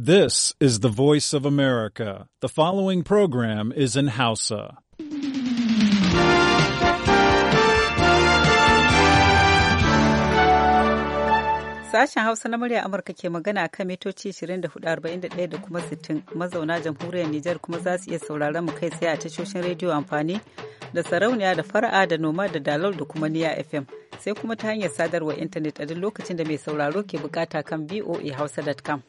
This is the voice of America. The following program is in Hausa. Sashen Hausa na murya Amurka ke magana kan mitoci 24,41 da kuma 60 mazauna jamhuriyar Nijar kuma za su iya sauraron mu kai tsaye a tashoshin rediyo amfani da sarauniya da fara'a da noma da dalol da kuma niya FM sai kuma ta hanyar sadarwar intanet a duk lokacin da mai sauraro ke bukata kan voahausa.com.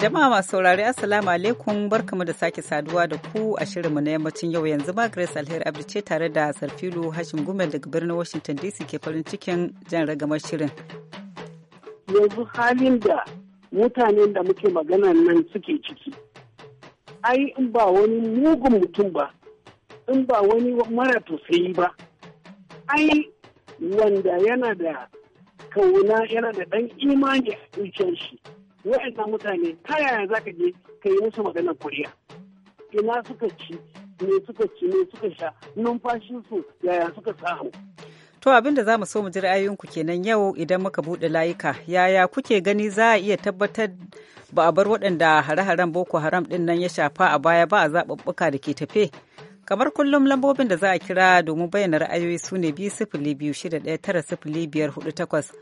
Jama'a masu saurari Assalamu alaikum barkamu da sake saduwa da ku a shirinmu na yammacin yau yanzu ma Grace Alheri Abdi ce tare da Sarfilu Hashim Gumel daga birnin Washington DC ke farin cikin jan ragamar shirin. Yanzu halin da mutanen da muke magana nan suke ciki. Ai in ba wani mugun mutum ba, in ba wani mara tausayi ba. Ai wanda yana da kauna yana da ɗan imani a zuciyar shi. wa'annan mutane ta yaya za ka je ka yi musu maganar kuriya ina suka ci me suka ci me suka sha numfashinsu yaya suka samu To abin da za mu so mu ji ra'ayoyinku kenan yau idan muka buɗe layuka yaya kuke gani za a iya tabbatar ba a bar waɗanda hare-haren Boko Haram ɗin nan ya shafa a baya ba a zaɓuɓɓuka da ke tafe. Kamar kullum lambobin da za a kira domin bayyana ra'ayoyi su ne biyu sifili biyu shida ɗaya tara sifili biyar hudu takwas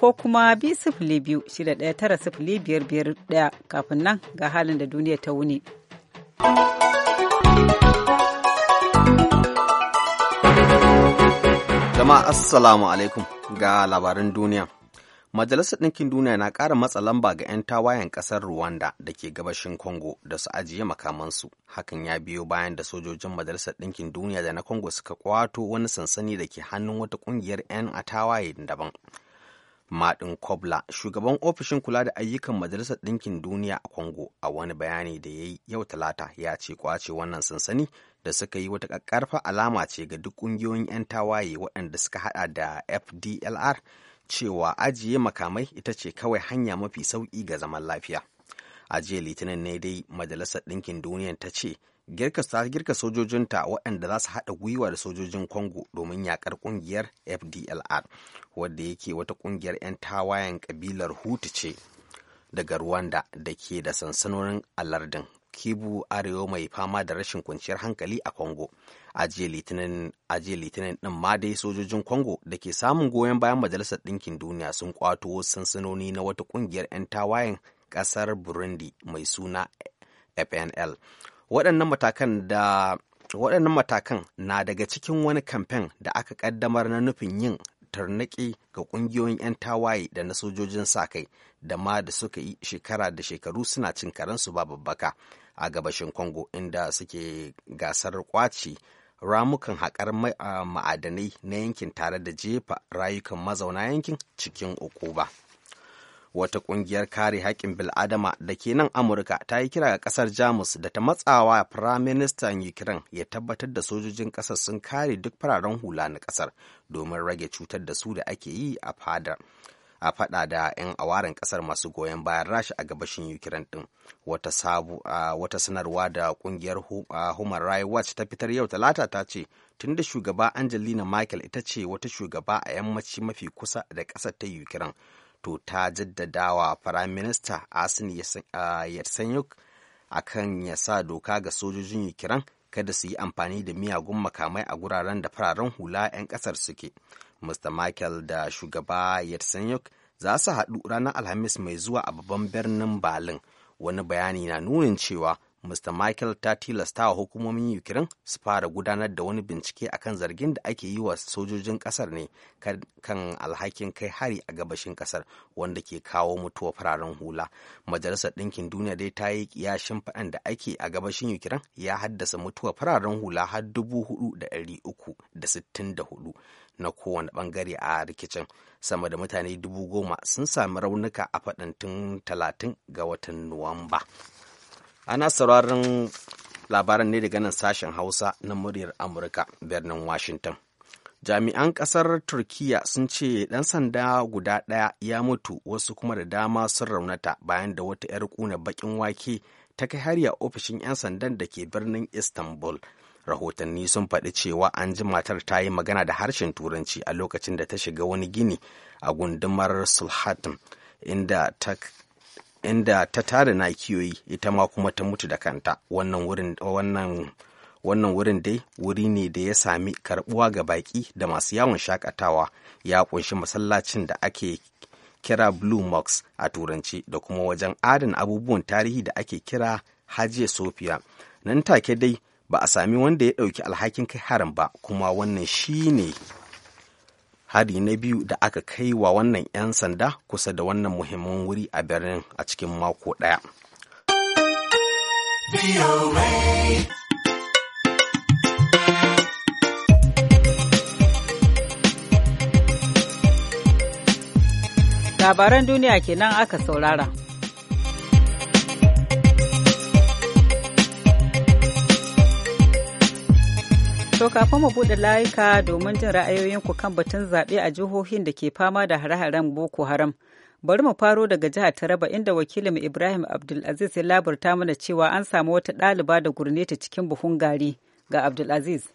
ko kuma bi sifili biyu shida ɗaya tara sifili biyar biyar ɗaya kafin nan ga halin da duniya ta wuni. Jama'a Assalamu alaikum ga labarin duniya. Majalisar Ɗinkin Duniya na ƙara matsa lamba ga 'yan tawayen ƙasar Rwanda da ke gabashin Congo da su ajiye makamansu. Hakan ya biyo bayan da sojojin Majalisar Ɗinkin Duniya da na Congo suka kwato wani sansani da ke hannun wata ƙungiyar 'yan a tawaye daban. Maɗin Kobla, shugaban ofishin kula da ayyukan Majalisar Ɗinkin Duniya a kongo a wani bayani da ya yi yau Talata ya ce kwace wannan sansani da suka yi wata ƙarfa alama ce ga duk ƙungiyoyin 'yan tawaye waɗanda suka haɗa da FDLR cewa ajiye makamai ita ce kawai hanya mafi sauƙi ga zaman lafiya. A jiya Litinin ne dai Majalisar Ɗinkin Duniya ta ce girka sojojinta waɗanda za su haɗa gwiwa da sojojin kongo domin yakar ƙungiyar fdlr wadda yake wata ƙungiyar 'yan tawayen ƙabilar hutu ce daga rwanda da ke da sansanonin alardin kibu arewa mai fama da rashin kwanciyar hankali a congo ajiye litinin din ma dai sojojin congo da ke samun goyon bayan majalisar ɗinkin duniya sun kwato sansanoni na wata ƙungiyar 'yan tawayen ƙasar burundi mai suna fnl waɗannan matakan da waɗannan matakan na daga cikin wani kamfen da aka ƙaddamar na nufin yin tarnaƙi ga ƙungiyoyin 'yan tawaye da na sojojin sa-kai da ma da suka yi shekara da shekaru suna cin karensu ba babbaka a gabashin congo inda suke gasar kwaci ramukan haƙar ma'adanai na yankin tare da jefa rayukan mazauna yankin cikin ukuba. wata ƙungiyar kare haƙƙin bil'adama da ke nan amurka ta yi kira ga ƙasar jamus da ta matsawa firaministan ukraine ya tabbatar da sojojin ƙasar sun kare duk fararen hula na ƙasar domin rage cutar da su da ake yi a faɗa a fada da 'yan awaren kasar masu goyon bayan rashi a gabashin ukraine din wata wata sanarwa da kungiyar human rights watch ta fitar yau talata ta ce tun da shugaba angelina michael ita ce wata shugaba a yammaci mafi kusa da kasar ta ukraine to ta jaddada wa Firayim Minista Asin ah, yersenyuk a kan ya sa doka ga sojojin ukiran kada su yi amfani da miyagun makamai a guraren da fararen hula 'yan ƙasar suke. Mr. Michael da shugaba yersenyuk za su haɗu ranar Alhamis mai zuwa a babban birnin Berlin. Wani bayani na nunin cewa mr michael ta tilasta wa hukumomin ukraine su fara gudanar da wani bincike akan zargin da ake yi wa sojojin kasar ne kan alhakin kai hari a gabashin kasar wanda ke kawo mutuwa fararen hula majalisar ɗinkin duniya dai ta yi kiyashin faɗan da ake a gabashin ukraine ya haddasa mutuwa fararen hula har dubu hudu da ɗari uku da sittin da hudu na kowane bangare a rikicin sama da mutane dubu goma sun sami raunuka a faɗin talatin ga watan nuwamba. ana sauraron labaran ne daga nan sashen hausa na muryar amurka birnin washington jami'an kasar turkiya sun ce ɗan sanda guda ɗaya ya mutu wasu kuma da dama sun raunata bayan da wata 'yar kuna bakin wake ta kai hari a ofishin 'yan sandan da ke birnin istanbul rahotanni sun faɗi cewa an ji matar ta yi magana da harshen turanci a lokacin da ta shiga wani gini a gundumar sulhatin inda ta inda ta tare nakiyoyi ita ma kuma ta mutu da kanta wannan wurin wannan wannan wurin dai wuri ne da ya sami karbuwa ga baki da masu yawon shakatawa ya kunshi masallacin da ake kira blue mox a turanci da kuma wajen adana abubuwan tarihi da ake kira hajiya sofiya nan take dai ba a sami wanda ya ɗauki alhakin kai harin ba kuma wannan shi ne hari na biyu da aka kai wa wannan 'yan sanda kusa da wannan muhimmin wuri a birnin a cikin mako ɗaya. Labaran duniya kenan aka saurara. To kafin mu buɗe layuka domin jin ra'ayoyinku kan batun zaɓe a jihohin da ke fama da hare-haren Boko Haram. Bari mu faro daga jihar Taraba inda wakilin Ibrahim Abdulaziz ya labarta mana cewa an samu wata ɗaliba da gurneta cikin buhun gari ga Abdulaziz.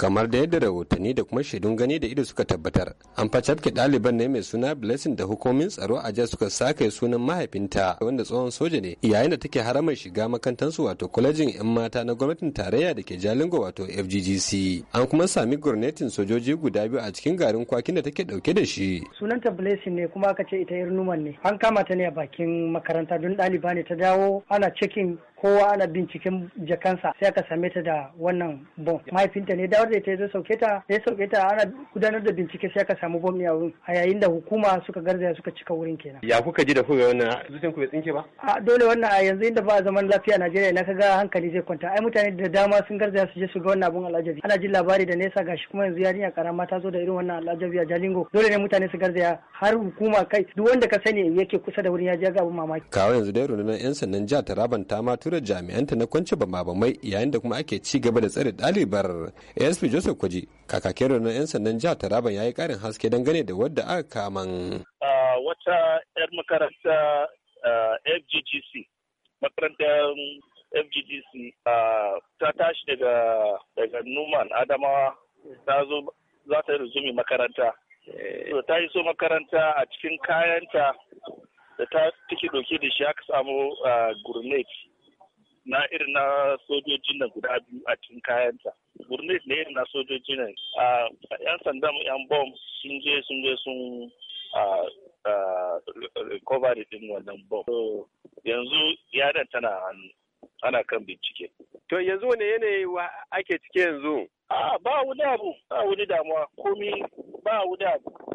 kamar da yadda rahotanni da kuma shaidun gani da ido suka tabbatar an facafke ɗaliban ne mai suna blessing da hukumin tsaro a jihar suka sake sunan mahaifinta wanda tsohon soja ne yayin da take haramar shiga makantansu wato kwalejin yan mata na gwamnatin tarayya da ke jalingo wato fggc an kuma sami gwamnatin sojoji guda biyu a cikin garin kwakin da take dauke da shi sunanta blessing ne kuma aka ce ita yar numan ne an kama ta ne a bakin makaranta don ɗaliba ne ta dawo ana cikin kowa ana binciken jakansa sai aka same ta da wannan bom mahaifinta ne dawar da ita ya sauke ta ya sauke ta ana gudanar da bincike sai aka samu bom a wurin a yayin da hukuma suka garzaya suka cika wurin kenan ya kuka ji da kuka wannan zuciyan ku bai tsinke ba a dole wannan a yanzu inda ba a zaman lafiya Najeriya na kaga hankali zai kwanta ai mutane da dama sun garzaya su je su ga wannan abun alajabi ana jin labari da nesa gashi kuma yanzu yarinya karama ta zo da irin wannan alajabi a Jalingo dole ne mutane su garzaya har hukuma kai duk wanda ka sani yake kusa da wurin ya je ga abun mamaki kawai yanzu dai rundunar yan sandan jihar Taraban ta ma jami'an jami'anta na kwanci ba bamabamai yayin da kuma ake ci gaba da tsare ɗalibar asp joseph kwaji kakakin ranar 'yan sandan jihar taraban ya yi ƙarin haske gane da wadda aka kaman. wata 'yar makaranta fggc makarantar fggc ta tashi daga numan adamawa ta zo za ta yi makaranta eh, ta yi so makaranta a cikin kayanta da ta take doke da shi aka samu gurnet na irin na sojojin nan guda biyu a cikin kayanta gurnet ne irin na sojojin nan a yan sandan yan bom sun je sun je sun recovery din wannan bom yanzu yaran tana hannu ana kan bincike to yanzu wani yanayi wa ake cike yanzu a ba wani abu ba wani damuwa komi ba wani abu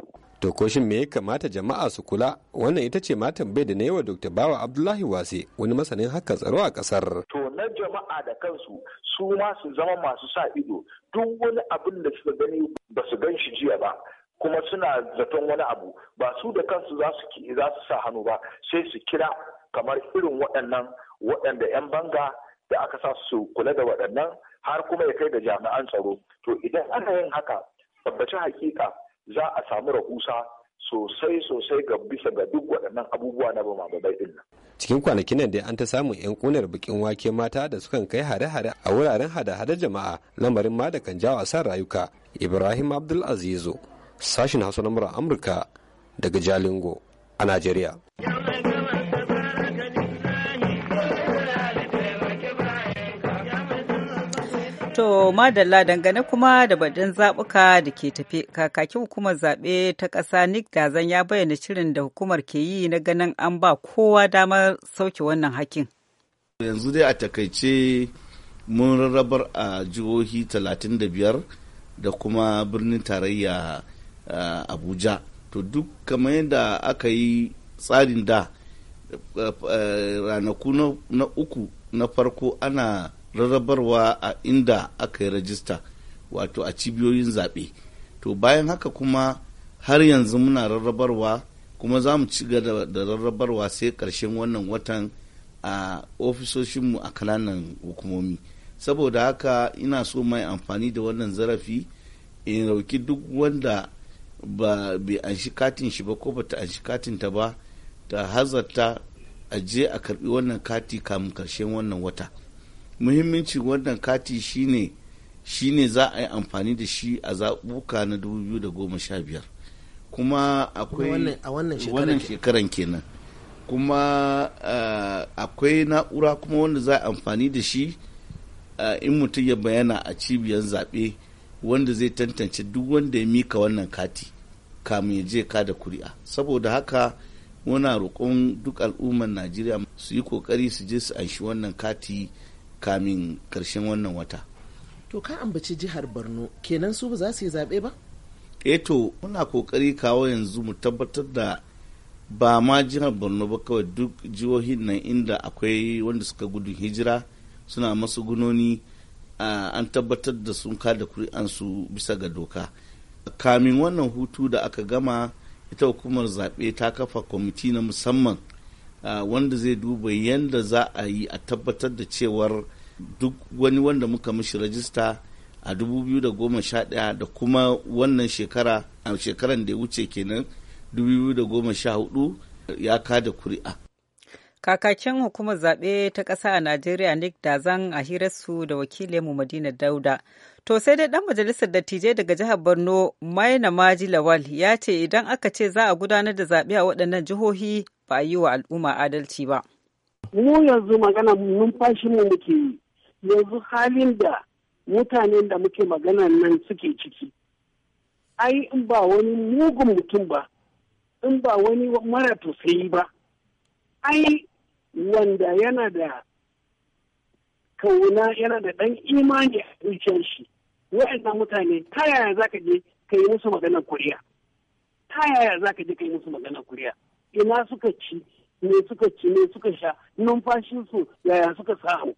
dokoshin ko me ya kamata jama'a su kula wannan ita ce ma tambayar da na yi wa dr bawa abdullahi wase wani masanin haka tsaro a kasar to na jama'a da kansu su ma su zama masu sa ido duk wani abin da suka gani ba su gan shi jiya ba kuma suna zaton wani abu ba su da kansu za su sa hannu ba sai su kira kamar irin waɗannan waɗanda 'yan banga da aka sa su kula da waɗannan har kuma ya kai da jami'an tsaro to idan ana yin haka tabbaci hakika za a samu rahusa sosai sosai ga bisa ga duk waɗannan abubuwa na bamabamai ɗin nan. Cikin kwanakin nan dai an ta samun 'yan ƙunar bikin wake mata da sukan kai hare-hare a wuraren hada-hada jama'a lamarin ma da kan jawo asar rayuka. Ibrahim Abdul Azizu, sashin Hausa na Amurka daga Jalingo a Najeriya. To madalla dangane kuma da baɗin zaɓuka da ke tafe kakakin hukumar zaɓe ta ƙasa Nick gazan ya bayyana shirin da hukumar ke yi na ganin an ba kowa damar sauke wannan hakin. Yanzu dai a takaice mun rarrabar a jihohi 35 da kuma birnin tarayya Abuja. To duk kamar yadda aka yi tsarin da ranaku na uku na farko ana rarrabarwa a inda aka yi rajista wato a cibiyoyin zaɓe to bayan haka kuma har yanzu muna rarrabarwa kuma za mu ci gaba da rarrabarwa sai ƙarshen wannan watan a ofisoshinmu a kananan hukumomi saboda haka ina so mai amfani da wannan zarafi in rauki duk wanda ba bai anshi katin shi ba ko ba ta anshi katin ta ba ta hazarta a je a karbi wannan kati kamun karshen wannan wata muhimmanci wannan kati shine shine za a yi amfani da shi a zaɓuka na 2015 kuma akwai wannan shekaran kenan kuma eh, akwai na'ura kuma wanda za a amfani da shi eh, in mutum ya bayana a cibiyar zaɓe wanda zai tantance duk wanda ya mika wannan kati kamun ya je da kuri'a saboda haka muna roƙon duk al'ummar najeriya su yi ƙoƙari su je su anshi wannan kati kamin karshen wannan wata to ka ambaci jihar borno kenan su ba za su yi zaɓe ba eto eh muna kokari kawo yanzu mu tabbatar da ba ma jihar borno ba kawai duk jihohin nan inda akwai wanda suka gudu hijira suna masu gunoni an tabbatar da sun kada kuri'ansu bisa ga doka kamin wannan hutu da aka gama ita hukumar zaɓe ta kafa kwamiti na musamman wanda zai duba yadda za a yi a tabbatar da cewar duk wani wanda muka mishi rajista a 2011 da kuma wannan shekara a shekaran da ya wuce kenan 2014 ya kada kuri'a. Kakakin hukumar zaɓe ta ƙasa a Najeriya Nick Dazan a hirarsu da wakilinmu Madina Dauda. To sai dai ɗan majalisar dattijai daga jihar Borno Maina Maji Lawal ya ce idan aka ce za a gudanar da zaɓe a waɗannan jihohi ba a yi wa al'umma adalci ba. Mu yanzu magana numfashin mu muke yi. yanzu halin da mutanen da muke magana nan suke ciki ai in ba wani mugun mutum ba in ba wani mara tausayi ba ai wanda yana da kauna yana da ɗan imani a zuciyar shi wa'annan mutane ta yaya za ka je ka yi musu maganar kuriya ta yaya za ka je ka yi musu maganar kuriya ina suka ci me suka ci me suka sha numfashinsu yaya suka samu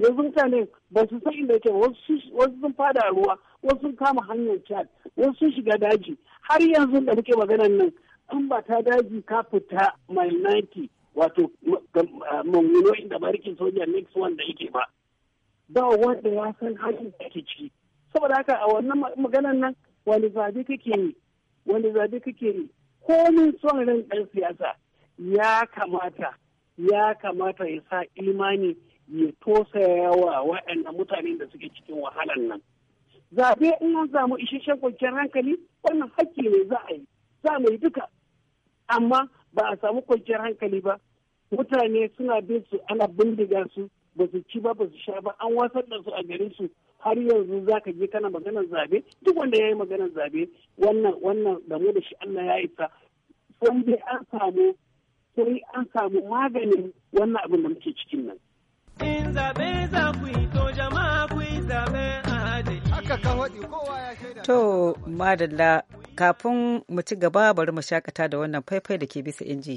yanzu mutane ba su san inda yake wasu sun fada ruwa wasu sun kama hanyar chad wasu sun shiga daji har yanzu da muke maganan nan an ba ta daji ka fita mai naki wato mummuno inda barikin soja next one da yake ba ba wanda ya san hanyar da ke ciki saboda haka a wannan maganan nan wani zabe kake yi wani zabe kake yi komin son ran ɗan siyasa ya kamata ya kamata ya sa imani ya tosaya wa waɗannan mutanen da suke cikin wahalan nan. Zabe in an samu isasshen kwanciyar hankali wannan hakki ne za a yi, za mai duka. Amma ba a samu kwanciyar hankali ba, mutane suna bin su ana bindiga su ba su ci ba ba su sha ba an wasan da su a garin su har yanzu za ka je kana maganar zabe duk wanda ya yi maganar zabe wannan wannan da mu da shi Allah ya isa sai dai an samu sai an samu maganin wannan abin da muke cikin nan. in zaɓe za ku yi to jama'a ku yi zaɓe To madalla kafin mu ci gaba bari mu shakata da wannan faifai da ke bisa inji.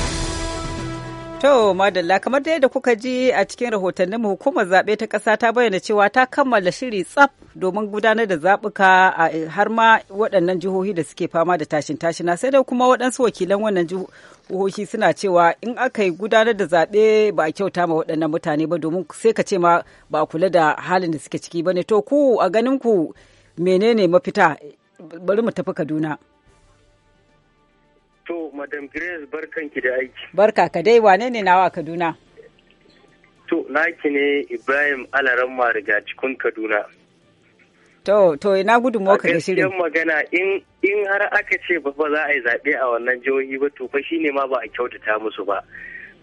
To madalla kamar da kuka ji a cikin rahotanninmu hukumar zaɓe ta ƙasa ta bayyana cewa ta kammala shiri tsaf domin gudanar da zaɓuka a har ma waɗannan jihohi da suke fama da tashin tashina sai dai kuma waɗansu wakilan wannan jihohi suna cewa in aka yi gudanar da zaɓe ba a kyauta ma waɗannan mutane ba domin sai ka ce ma ba a kula da halin da suke ciki ba ne to ku a ganin ku menene mafita bari mu tafi Kaduna. To, Madam Grace barkanki da aiki. Barka ka dai wane ne nawa Kaduna? To, naki ne Ibrahim alaran daga cikin Kaduna. To, to ina gudunmuwa ka da shiri A magana in in har aka ce ba za a yi zaɓe a wannan jihohi ba to fa shine ma ba a kyautata musu ba.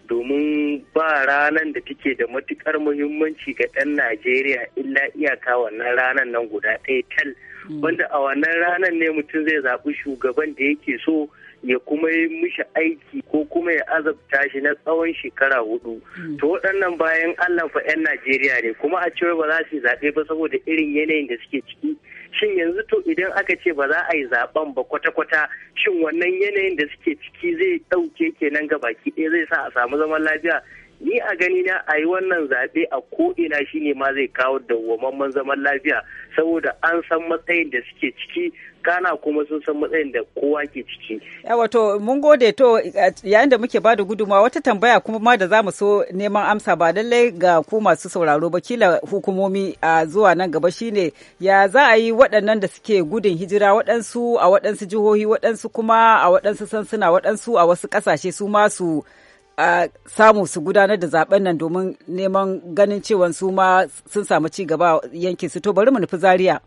Domin ba ranar da take da matukar muhimmanci ga ɗan Najeriya illa iyaka wannan ranar nan guda ɗaya tal. Mm. Wanda a wannan ranar ne mutum zai zaɓi shugaban da yake so ya kuma yi mishi aiki ko kuma ya azabta shi na tsawon shekara hudu hmm. to waɗannan bayan allah fa 'yan najeriya ne kuma a cewa ba za su yi zaɓe ba saboda irin yanayin da suke ciki shin yanzu to idan aka ce ba za a yi zaɓen ba kwata-kwata shin wannan yanayin da suke ciki zai ɗauke kenan ga baki ɗaya zai sa a samu zaman lafiya ni a gani na a yi wannan zaɓe a ko ko'ina shine ma zai kawo dawwamamman zaman lafiya saboda an san matsayin da suke ciki kana kuma sun san matsayin da kowa ke ciki. wato mun gode to yayin da muke bada guduma wata tambaya kuma ma da za mu so neman amsa ba lallai ga ku masu sauraro ba kila hukumomi a zuwa nan gaba shine ya za a yi waɗannan da suke gudun hijira waɗansu a waɗansu jihohi waɗansu kuma a waɗansu sansuna waɗansu a wasu ƙasashe su masu. su a samu su gudanar da zaben nan domin neman ganin cewa su ma sun samu ci gaba yankin su to bari mu nufi zaria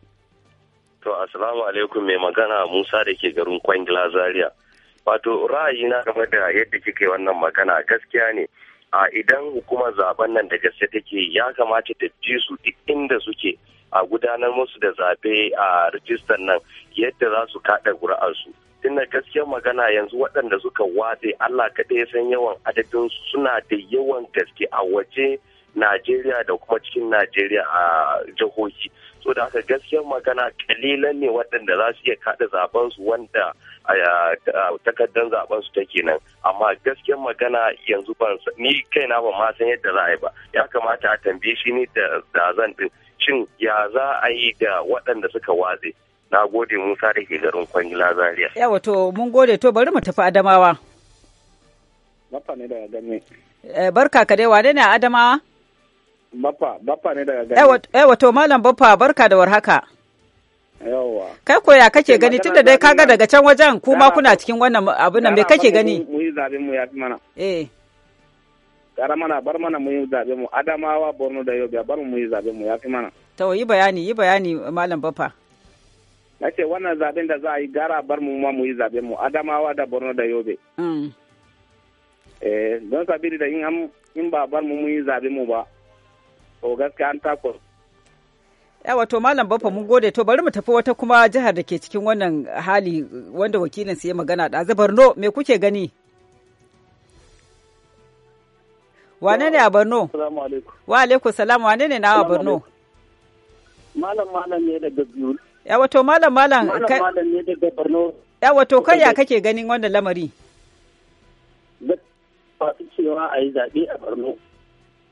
to assalamu alaikum mai magana musa da ke garin kwangila zaria wato ra'ayi na game da yadda kike wannan magana gaskiya ne a idan hukumar zaben nan da gaske take ya kamata ta ji su duk inda suke a gudanar musu da zabe a rijistar nan yadda za su kada ƙuri'arsu tunda gaskiyar magana yanzu waɗanda suka watse Allah kaɗai ya san yawan adadin suna da yawan gaske a waje Najeriya da kuma cikin Najeriya a jihohi. So da haka gaskiyar magana kalilan ne waɗanda za su iya kaɗa zaben su wanda takardar zaben su take nan. Amma gaskiyar magana yanzu ban ni na ba ma san yadda za a yi ba. Ya kamata a tambaye shi ne da zan din. Shin ya za a yi da waɗanda suka watse? na gode musa da ke garin kwangila zaria ya wato mun gode to bari mu tafi adamawa mafa ne daga gane eh, barka ka dai wane ne adamawa Baffa, baffa ne daga gane. Yawa wato Malam Baffa barka da warhaka. Yawa. Kai koya kake gani tun da dai kaga daga can wajen kuma kuna cikin wannan abin nan me kake gani? Mu yi zabe mu yafi mana. Eh. kara mana bar mana mu yi zabe mu Adamawa Borno da Yobe bar mu yi zabe mu yafi mana. To yi bayani yi bayani Malam Baffa. na ce wannan zaben da za a yi gara bar mu ma mu yi zaben mu adamawa da borno da yobe mm. eh, don sabiri da in ba bar mu mu yi zaben mu ba to gaskiya an tako. yawa to malam bafa mun gode to bari mu tafi wata kuma jihar da ke cikin wannan hali wanda wakilin su ya magana ɗazu borno me kuke gani wane ne a borno wa alaikum salam wane ne na a borno malam malam ne daga biyu ya wato malam malam malam ne daga Borno ya wato kai kake ganin wannan lamari ba cewa a yi zaɓe a barno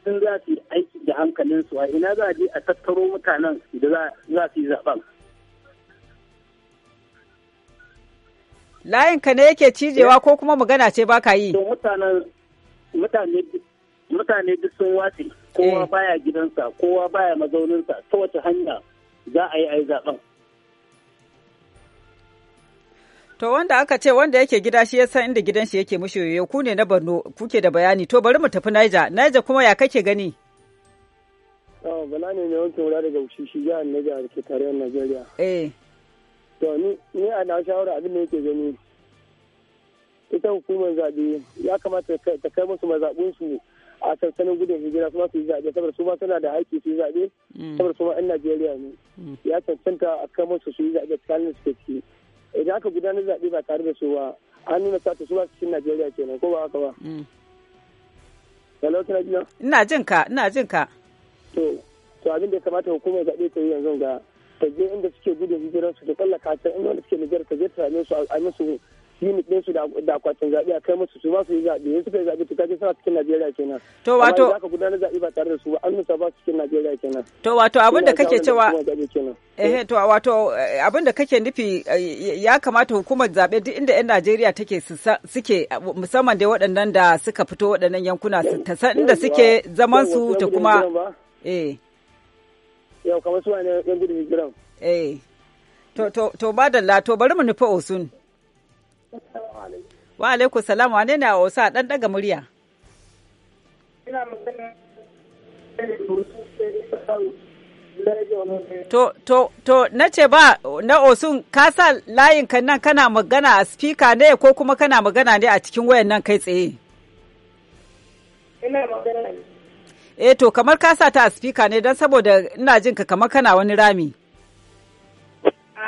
sun za su yi aiki da hankalin su a ina za a je a tattaro mutanen da za su yi zaɓen layin ka ne yake cijewa ko kuma magana ce ba ka yi mutane duk sun watse kowa eh. baya gidansa kowa baya mazauninsa ta wace hanya za a yi a yi zaɓen To wanda aka ce wanda yake gida shi ya san inda gidan shi yake mushi yoyo ku ne na Borno kuke da bayani to bari mu tafi Niger Niger kuma ya kake gani Oh bala ne mai wanke wura daga shi shi jihar Niger da ke tarayyar Najeriya Eh To ni ni a na shawara abin da yake gani ita hukumar zabe ya kamata ta kai musu mazabun su a sansanin gudun hijira kuma su yi zaɓe saboda su ma suna da haƙƙi su yi zaɓe mm. saboda su ma 'yan Najeriya ne mm. ya cancanta a kai musu su yi zaɓe tsakanin su ke idan aka gudanar zaɓe ba tare da su ba an nuna sata su ba cikin najeriya kenan ko ba haka ba mm. hello ina jin ka ina jin ka to to abin da ya kamata hukumar zaɓe ta yi yanzu ga ta je inda suke gudun hijirar ta tsallaka ta inda wanda suke nijar ta je ta same su a musu unit ɗin su da akwatin zaɓe a kai musu su ba su yi zaɓe su kai zaɓe to kaje suna cikin Najeriya kenan to wato za ka gudanar zaɓe ba tare da su ba an nusa ba su cikin Najeriya kenan to wato abin da kake cewa eh to wato eh, abin da kake nufi eh, ya kamata hukumar zaɓe duk inda 'yan Najeriya take suke musamman dai waɗannan da suka fito waɗannan yankuna su ta san inda suke zaman su ta kuma eh yau kamar su ne yan gudun hijiran eh to to to madalla to bari mu nufi Osun Wa alaikun salam wane ne a wasa dan daga murya? To, to, to, na ce ba, na osun kasa layin ka nan kana magana a spika ne ko kuma kana magana ne a cikin wayan nan kai tsaye? Ina magana ne. Eh, to, kamar kasa ta a spika ne don saboda ina jinka kamar kana wani rami.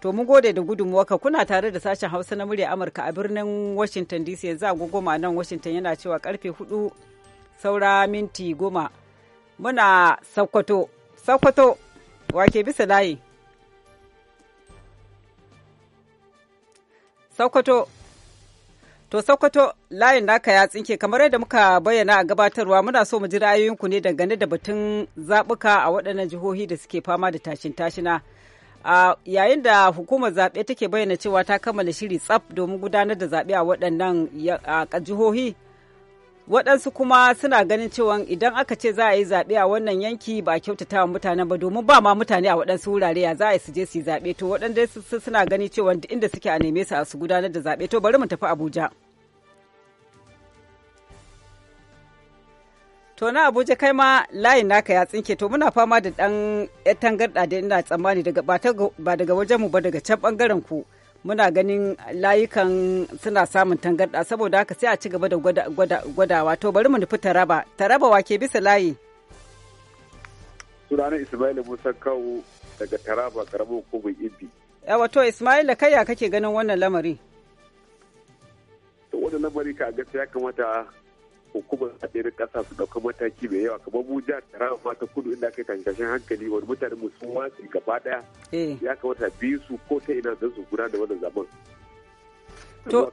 To mun gode da gudunmuwarka kuna tare da sashen Hausa na murya Amurka a birnin Washington DC yanzu agogoma nan Washington yana cewa karfe hudu saura minti goma. Muna Sokoto, Sokoto wake bisa layi. Sokoto To Sokoto layin naka ya tsinke kamar yadda muka bayyana a gabatarwa muna so mu ji ra'ayoyinku ne dangane da batun zaɓuka a waɗannan jihohi da suke fama da tashin tashina. Uh, yayin da hukumar zaɓe take bayyana cewa ta kammala shiri tsaf domin gudanar da zaɓe a waɗannan uh, jihohi waɗansu kuma suna ganin cewa idan aka ce za a yi zaɓe a wannan yanki ba a kyautata wa mutanen ba domin ba ma mutane a waɗansu wurare ya za a yi su je su yi zaɓe to waɗanda suna ganin cewa inda suke a neme su a su gudanar da zaɓe to bari mu tafi abuja. To na Abuja kai ma layin naka ya tsinke to muna fama da dan tangarda da ina tsammani daga ba daga wajen mu ba daga can bangaren ku muna ganin layukan suna samun tangarda saboda haka sai a ci gaba da gwadawa to bari mu nufi taraba taraba wake bisa layi. Sunana Ismail Musa Kawo daga Taraba karamin hukumar Ibi. Yawa to Ismail kai ya kake ganin wannan lamari? To wannan lamari ka ya kamata hukumar haɗerin ƙasa su ɗauka mataki mai yawa kamar mu jihar taraba ma ta kudu inda aka tankashin hankali wani mutane mu sun watsi gaba ɗaya eh. ya kamata biyu su ko ta ina don su gudanar da wannan zaman To,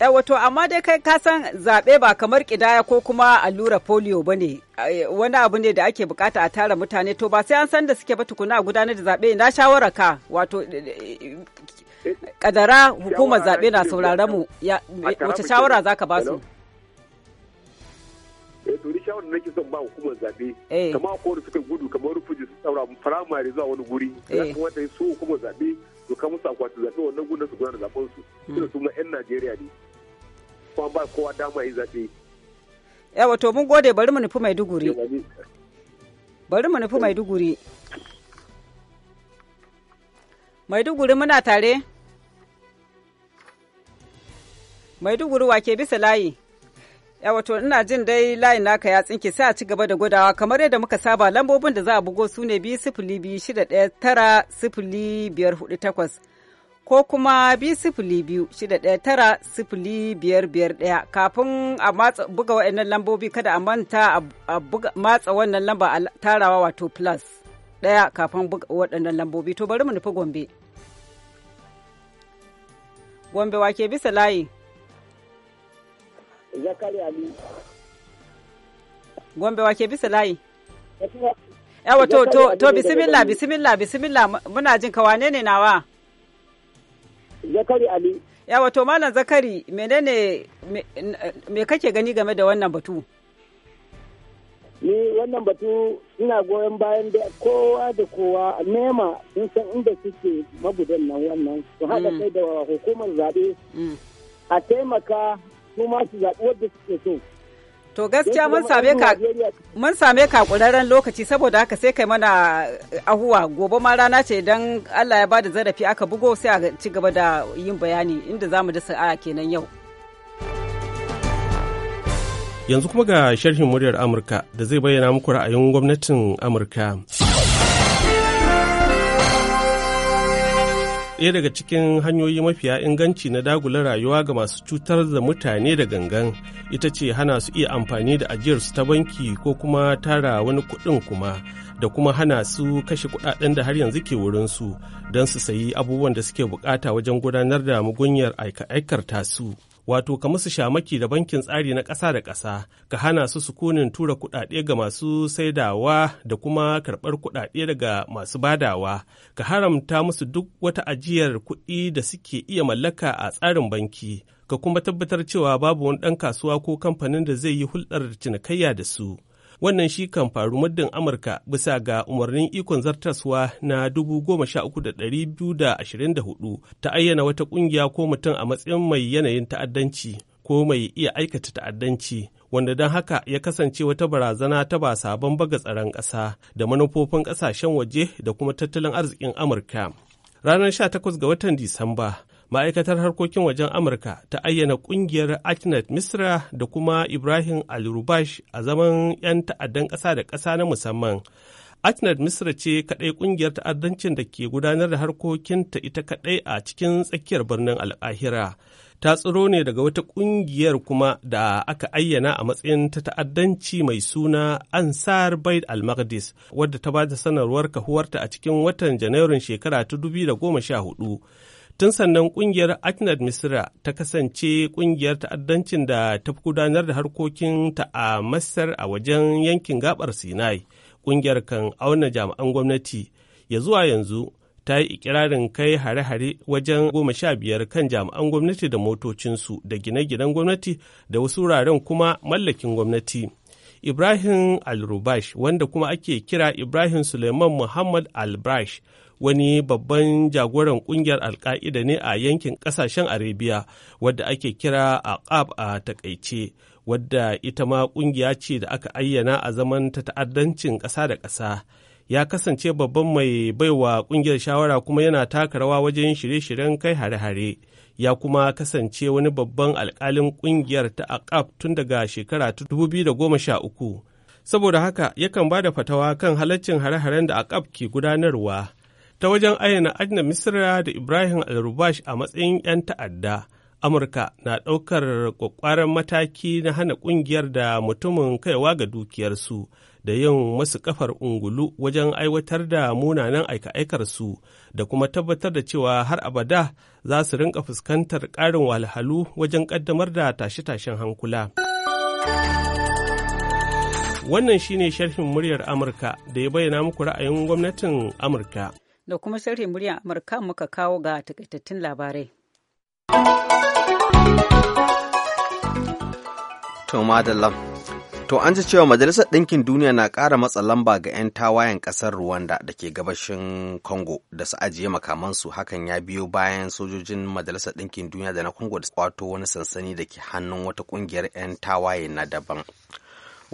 eh, wato amma dai kai ka san zaɓe ba kamar ƙidaya ko kuma allura polio ba ne, eh, wani abu ne da ake bukata a tara mutane, to ba sai an san da suke ba tukuna a gudanar da zaɓe na shawara ka wato kadara hukumar zaɓe na sauraron mu, wace shawara za ka ba su? shawar nake son ba hukumar zaɓe eh. kamar ko da suka gudu kamar rufuji su saura firamare zuwa wani guri ya eh. kamata ya so hukumar zaɓe to kamar su akwati zaɓe wannan gudunar su gudanar zaɓen hmm. su suna suna 'yan Najeriya ne kuma ba kowa dama yi zaɓe. Yawa to mun gode bari mu nufi Maiduguri. Bari mu nufi Maiduguri. Maiduguri muna tare? Maiduguri ke bisa layi. ya wato ina jin dai layin naka ya tsinke sai a ci gaba da gudawa kamar yadda muka saba lambobin da za a bugo su ne biyu sifili biyu shida ɗaya tara sifili biyar hudu takwas ko kuma biyu sifili biyu shida ɗaya tara sifili biyar biyar ɗaya kafin a matsa buga waɗannan lambobi kada a manta a matsa wannan lamba a tarawa wato plus ɗaya kafin buga waɗannan lambobi to bari mu nufi gombe gombe wake bisa layi Zakari Ali. Gombe wake bisa layi. Yawa to to to bisimila bisimila bisimila muna jin ka wane ne nawa? Zakari Ali. Yawa to malam Zakari menene me kake gani game da wannan batu? Ni wannan batu ina goyon bayan da kowa da kowa nema sun san inda suke magudan nan wannan su haɗa mm. kai da hukumar zaɓe mm. a taimaka su su zaɓi wadda suke so. To gaskiya mun same ka lokaci saboda haka sai kai mana eh, ahuwa gobe ma rana ce idan Allah ya bada zarafi aka bugo sai a ci gaba da yin bayani inda za mu da sa'a kenan yau. Yanzu kuma ga sharhin muryar Amurka da zai bayyana muku ra'ayin gwamnatin Amurka. ɗaya daga cikin hanyoyi mafiya inganci na dagula rayuwa ga masu cutar da mutane da gangan ita ce hana su iya amfani da ajiyarsu ta banki ko kuma tara wani kuɗin kuma da kuma hana su kashe kuɗaɗen da har yanzu ke wurin su don su sayi abubuwan da suke bukata wajen gudanar da mugunyar aika-aikar tasu. su. wato ka musu shamaki da bankin tsari na ƙasa da ƙasa ka hana su sukunin tura kuɗaɗe ga masu saidawa da kuma karɓar kuɗaɗe daga masu badawa ka haramta musu duk wata ajiyar kuɗi da suke iya mallaka a tsarin banki ka kuma tabbatar cewa babu wani ɗan kasuwa ko kamfanin da zai yi hulɗar cinikayya da su. wannan shi kan faru muddin amurka bisa ga umarnin ikon zartaswa na 13,224 ta ayyana wata kungiya ko mutum a matsayin mai yanayin ta'addanci ko mai iya aikata ta'addanci wanda don haka ya kasance wata barazana ta ba sabon baga tsaron ƙasa da manufofin ƙasashen waje da kuma tattalin arzikin amurka ranar 18 ga watan disamba ma'aikatar harkokin wajen amurka ta ayyana kungiyar atnet misra da kuma ibrahim al-rubash a zaman 'yan ta'addan ƙasa da ƙasa na musamman atnet misra ce kaɗai ƙungiyar ta'addancin da ke gudanar da harkokinta ita kaɗai a cikin tsakiyar birnin al'ahira ta tsiro ne daga wata ƙungiyar kuma da aka ayyana a matsayin ta ta'addanci mai suna ansar bayt al-maqdis wadda ta ba da sanarwar kahuwarta a cikin watan janairun shekara ta 2014 Tun sannan ƙungiyar Aknad Misra ta kasance ƙungiyar ta'addancin da ta fi gudanar da harkokin ta a Masar a wajen yankin gabar Sinai. Ƙungiyar kan auna jami'an gwamnati ya zuwa yanzu ta yi ikirarin kai hare-hare wajen goma sha biyar kan jami'an gwamnati da motocinsu da gine-ginen gwamnati da wasu wuraren kuma mallakin gwamnati. Ibrahim Al-Rubash wanda kuma ake kira Ibrahim Suleiman Muhammad Al-Brash wani babban jagoran kungiyar alka'ida ne a yankin kasashen arabia wadda ake kira aqab a takaice wadda ita ma kungiya ce da aka ayyana a zaman ta ta'addancin ƙasa da ƙasa ya kasance babban mai baiwa kungiyar shawara kuma yana taka rawa wajen shirye-shiryen kai hare-hare ya kuma kasance wani babban alkalin kungiyar ta aqab tun daga shekara ta 2013 saboda haka yakan ba da fatawa kan halaccin hare-haren da aqab ke gudanarwa ta wajen ayyana Adna Misra da Ibrahim al-Rubash a matsayin 'yan ta'adda. Amurka na ɗaukar ƙwaƙƙwaran mataki na hana ƙungiyar da mutumin kaiwa ga dukiyarsu da yin masu ƙafar ungulu wajen aiwatar da munanan aika-aikarsu da kuma tabbatar da cewa har abada za su rinka fuskantar ƙarin walhalu wajen ƙaddamar da tashe-tashen hankula. Wannan shine sharhin muryar Amurka da ya bayyana muku ra'ayin gwamnatin Amurka. da kuma sharhin muryar Amurka muka kawo ga takaitattun labarai. To madalla. To an ji cewa Majalisar Ɗinkin Duniya na ƙara matsa lamba ga 'yan tawayen ƙasar Rwanda da ke gabashin Congo da su ajiye makamansu hakan ya biyo bayan sojojin Majalisar Ɗinkin Duniya da na Congo da wato wani sansani da ke hannun wata ƙungiyar 'yan tawaye na daban.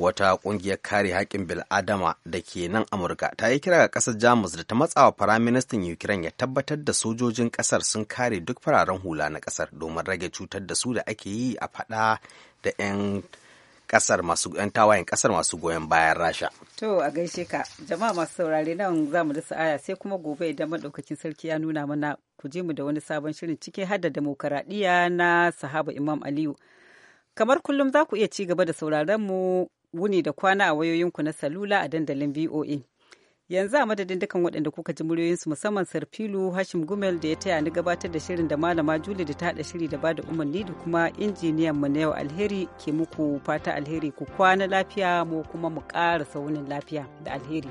wata ƙungiyar kare haƙƙin bil'adama da ke nan amurka ta yi kira ga ƙasar jamus da ta matsa wa firaministan ukraine ya tabbatar da sojojin ƙasar sun kare duk fararen hula na ƙasar domin rage cutar da su da ake yi a faɗa da 'yan kasar masu yan tawayen ƙasar masu goyon bayan rasha to a gaishe ka jama'a masu saurare nan za mu da sa'aya sai kuma gobe idan madaukakin sarki ya nuna mana ku je mu da wani sabon shirin ciki har da demokaradiyya na sahaba imam aliyu kamar kullum za ku iya ci gaba da sauraron mu wuni da kwana a wayoyinku na salula a dandalin VOA. Yanzu a madadin dukan waɗanda kuka ji muryoyinsu musamman Sarfilu Hashim Gumel da ya taya ni gabatar da shirin da Malama Juli da ta haɗa shiri da bada umarni da kuma injiniyan mu na yau alheri ke muku fata alheri ku kwana lafiya mu kuma mu ƙara saunin lafiya da alheri.